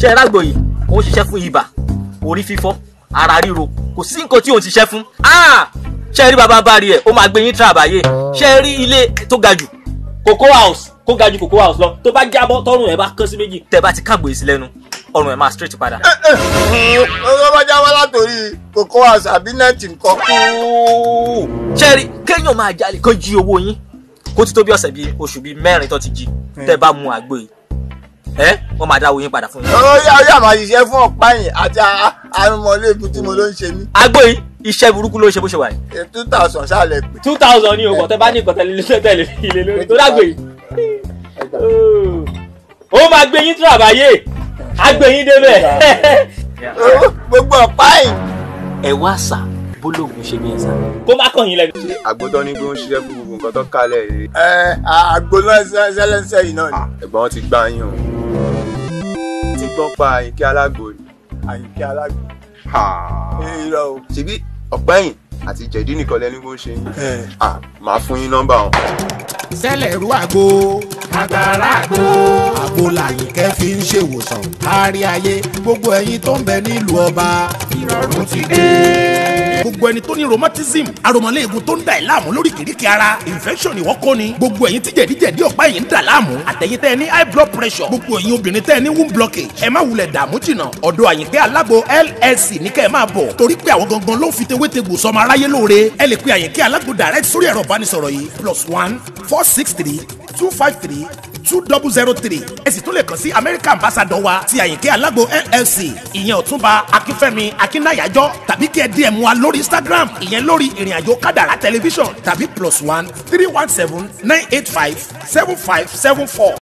ṣe é rágbò yìí ó ń ṣiṣẹ́ fún ibà orí fífọ́ ara ríro kò sí nǹkan tí òun ti ṣiṣẹ́ fún ah! ṣe é rí bàbá bá rí ẹ̀ ó máa gbé yín tàbáyé ṣe é rí ilé tó ga jù cocoa house kó ga jù cocoa house lọ tó bá jábọ́ tọrùn ẹ̀ bá kán sí méjì tẹ bá ti kàgbé sí lẹ́nu ọrùn ẹ̀ máa straight padà. Eh, eh. ọ̀rọ̀ bá jáwọ́ látòrí cocoa house àbí nẹ́ẹ̀tì nǹkan. ṣe rí kéèyàn máa jalè kó jí owó yín kó ti tó bí ọ̀sẹ̀ bíi oṣù bíi mẹ́rin tó ti jí hmm. tẹ bá mu àgbo yìí ẹ wọn máa dáwọ yín padà fún yín. ọyá ọyá máa ṣiṣẹ́ fún ọ̀páyìn àti arúmọléegun tí mo ló ń ṣe mí. agbo yìí iṣẹ́ burúkú ló ń ṣe bó ṣe wà yìí. two thousand ṣáàlẹ̀ pé. two thousand ni ògbọ̀n tẹ bá ní ìkọ̀tẹ́lẹ̀ tẹ̀lé ilé lórí tó dàgbé yìí. ó máa gbé yín tura àbáyé agbé yín débẹ̀. gbogbo ọ̀páyìn. ẹ wá sà bólógùn ṣe bí ẹ sá. kó má kàn yín lẹ́nu. ṣé àgbótọ́ ní gbóhùn ṣiṣẹ́ fún gbogbo nǹkan tó kálẹ̀ yìí. ẹ àgbóná ṣẹlẹ̀ ń sẹ́yìn náà ni. Ah, ẹ̀gbọ́n ti gbá yín o tí gbọ́n pa àyìnkẹ́ alágbò ni. àyìnkẹ́ alágbò. irọ́ o. ṣebí ọ̀pẹ́yìn àti jẹ̀dí nìkan lẹ́ni bó ṣe ń. màá fún yín nọ́mbà wọn. sẹ́lẹ̀ rú àgbo agbára àgbo. àgbo làyìnkẹ́ fi ń ṣèwòsàn kárí ayé gbogbo ẹ̀yin tó ń bẹ nílùú ọba. ìrọ̀rùn ti dé gbogbo ẹni tó ní rheumatism àròmọlé egun tó ń da ẹ̀ láàmú lóríkèéríkèé ara infection ìwọ́ kọ́ ni gbogbo ẹ̀yin tí jẹ̀díjẹ̀dí ọ̀pá yìí ń dà láàmú àtẹ̀yìn tẹ́ ní high blood pressure gbogbo ẹ̀yin obìnrin tẹ́ ẹ ní womb blockage ẹ má wulẹ̀ dààmú jìnnà ọ̀dọ̀ àyìnkẹ́ alágbo LSC ní kẹ́ ẹ máa bọ̀ torí pé àwọn gangan ló ń fi tewétegbò sọmọ aráyé lóore ẹ lè pe àyìnkẹ́ alágbo direct sórí ẹ̀rọ ìbánisọ̀rọ̀ yìí plus one four six three two five three two double zero three ẹ sì tún lè kàn sí American ambassador wa ti Àyìnkẹ́ Alágbo LLC ìyẹn ọ̀túnba Akínfẹ́mi Akínáyàjọ́ tàbí kí ẹ DM wa lórí Instagram ìyẹn lórí ìrìnàjò kádàrá tẹlifíṣàn tàbí plus one three one seven nine eight five seven five seven four.